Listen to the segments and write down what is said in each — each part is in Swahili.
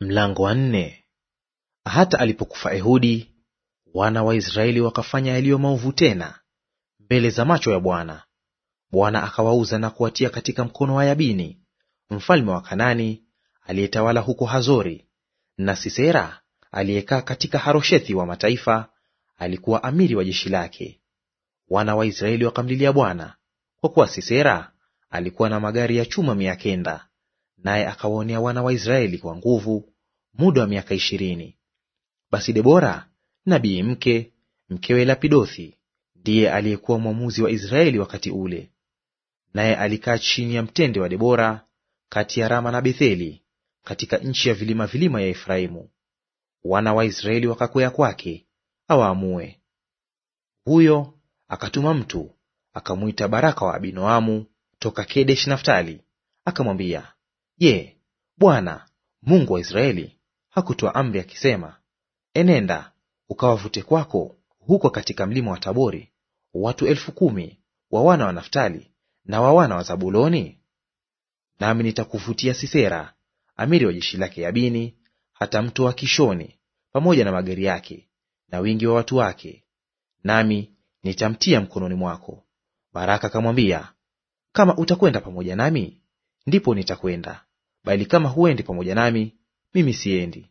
Mlango wa nne. Hata alipokufa Ehudi, wana wa Israeli wakafanya yaliyo maovu tena mbele za macho ya Bwana. Bwana akawauza na kuwatia katika mkono wa Yabini mfalme wa Kanani aliyetawala huko Hazori, na Sisera aliyekaa katika Haroshethi wa mataifa alikuwa amiri wa jeshi lake. Wana wa Israeli wakamlilia Bwana, kwa kuwa Sisera alikuwa na magari ya chuma mia kenda naye akawaonea wana wa Israeli kwa nguvu muda wa miaka ishirini. Basi Debora nabii mke, mkewe Lapidothi, ndiye aliyekuwa mwamuzi wa Israeli wakati ule, naye alikaa chini ya mtende wa Debora kati ya Rama na Betheli katika nchi ya vilima vilima ya Efraimu. Wana wa Israeli wakakwea kwake awaamue. Huyo akatuma mtu akamwita Baraka wa Abinoamu toka Kedesh Naftali, akamwambia, Je, Bwana Mungu wa Israeli hakutoa amri akisema, enenda ukawavute kwako huko katika mlima wa Tabori watu elfu kumi wa wana wa Naftali na wa wana wa Zabuloni? Nami nitakuvutia Sisera amiri wa jeshi lake Yabini hata mto wa Kishoni pamoja na magari yake na wingi wa watu wake, nami nitamtia mkononi mwako. Baraka akamwambia, kama utakwenda pamoja nami, ndipo nitakwenda bali kama huendi pamoja nami, mimi siendi.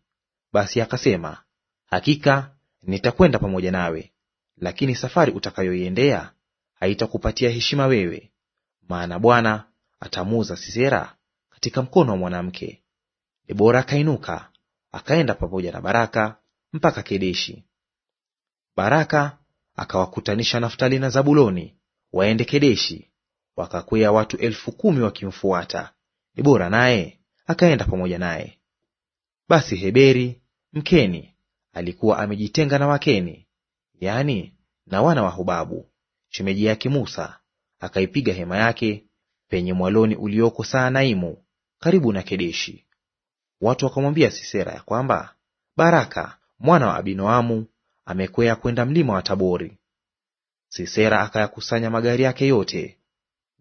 Basi akasema, hakika nitakwenda pamoja nawe, lakini safari utakayoiendea haitakupatia heshima wewe, maana Bwana atamuuza Sisera katika mkono wa mwanamke. Debora akainuka akaenda pamoja na Baraka mpaka Kedeshi. Baraka akawakutanisha Naftali na Zabuloni waende Kedeshi, wakakwea watu elfu kumi wakimfuata Debora naye akaenda pamoja naye. Basi Heberi Mkeni alikuwa amejitenga na Wakeni, yaani na wana wa Hobabu, shemeji yake Musa, akaipiga hema yake penye mwaloni ulioko Saanaimu karibu na Kedeshi. Watu wakamwambia Sisera ya kwamba Baraka mwana wa Abinoamu amekwea kwenda mlima wa Tabori. Sisera akayakusanya magari yake yote,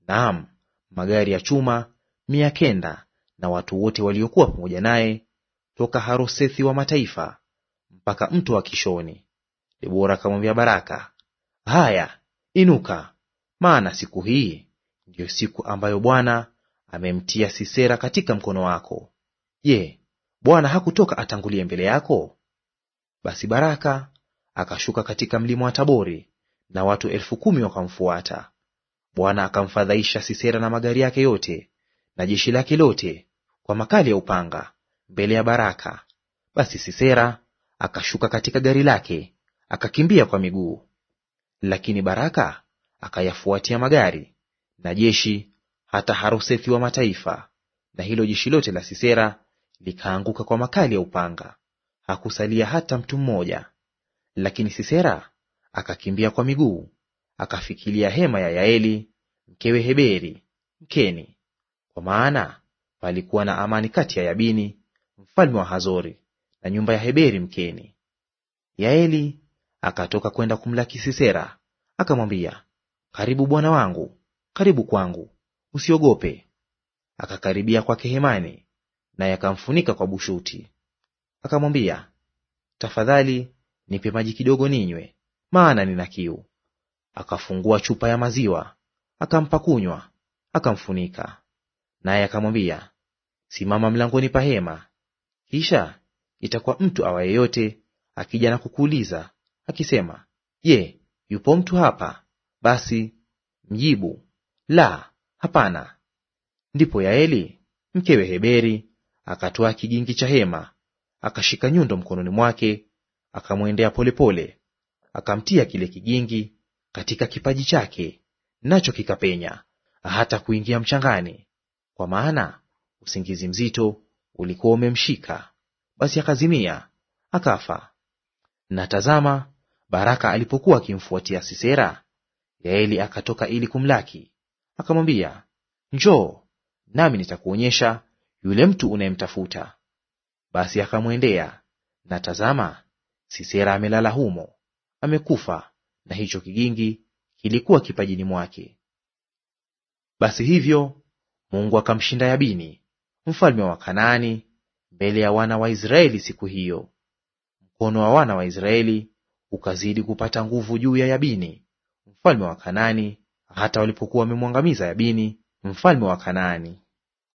naam, magari ya chuma mia kenda na watu wote waliokuwa pamoja naye toka Harosethi wa mataifa mpaka mto wa Kishoni. Debora akamwambia Baraka, haya, inuka, maana siku hii ndiyo siku ambayo Bwana amemtia Sisera katika mkono wako. Je, Bwana hakutoka atangulie mbele yako? Basi Baraka akashuka katika mlima wa Tabori na watu elfu kumi wakamfuata. Bwana akamfadhaisha Sisera na magari yake yote na jeshi lake lote kwa makali ya upanga mbele ya Baraka. Basi Sisera akashuka katika gari lake akakimbia kwa miguu, lakini Baraka akayafuatia magari na jeshi hata Harosethi wa mataifa, na hilo jeshi lote la Sisera likaanguka kwa makali ya upanga, hakusalia hata mtu mmoja. Lakini Sisera akakimbia kwa miguu akafikilia hema ya Yaeli mkewe Heberi Mkeni, kwa maana Palikuwa na amani kati ya Yabini mfalme wa Hazori na nyumba ya Heberi Mkeni. Yaeli akatoka kwenda kumlaki Sisera, akamwambia, karibu bwana wangu, karibu kwangu, usiogope. Akakaribia kwake hemani, naye akamfunika kwa bushuti. Akamwambia, tafadhali nipe maji kidogo ninywe, maana nina kiu. Akafungua chupa ya maziwa, akampa kunywa, akamfunika. Naye akamwambia, simama mlangoni pa hema, kisha itakuwa mtu awa yeyote akija na kukuuliza akisema, Je, yupo mtu hapa? Basi mjibu, la, hapana. Ndipo Yaeli mkewe Heberi akatoa kigingi cha hema, akashika nyundo mkononi mwake, akamwendea polepole, akamtia kile kigingi katika kipaji chake, nacho kikapenya hata kuingia mchangani, kwa maana usingizi mzito ulikuwa umemshika. Basi akazimia akafa. Na tazama, Baraka alipokuwa akimfuatia Sisera, Yaeli akatoka ili kumlaki, akamwambia, njoo nami nitakuonyesha yule mtu unayemtafuta. Basi akamwendea, na tazama, Sisera amelala humo, amekufa, na hicho kigingi kilikuwa kipajini mwake. Basi hivyo Mungu akamshinda Yabini mfalme wa Kanaani mbele ya wana wa Israeli siku hiyo. Mkono wa wana wa Israeli ukazidi kupata nguvu juu ya Yabini mfalme wa Kanaani, hata walipokuwa wamemwangamiza Yabini mfalme wa Kanaani.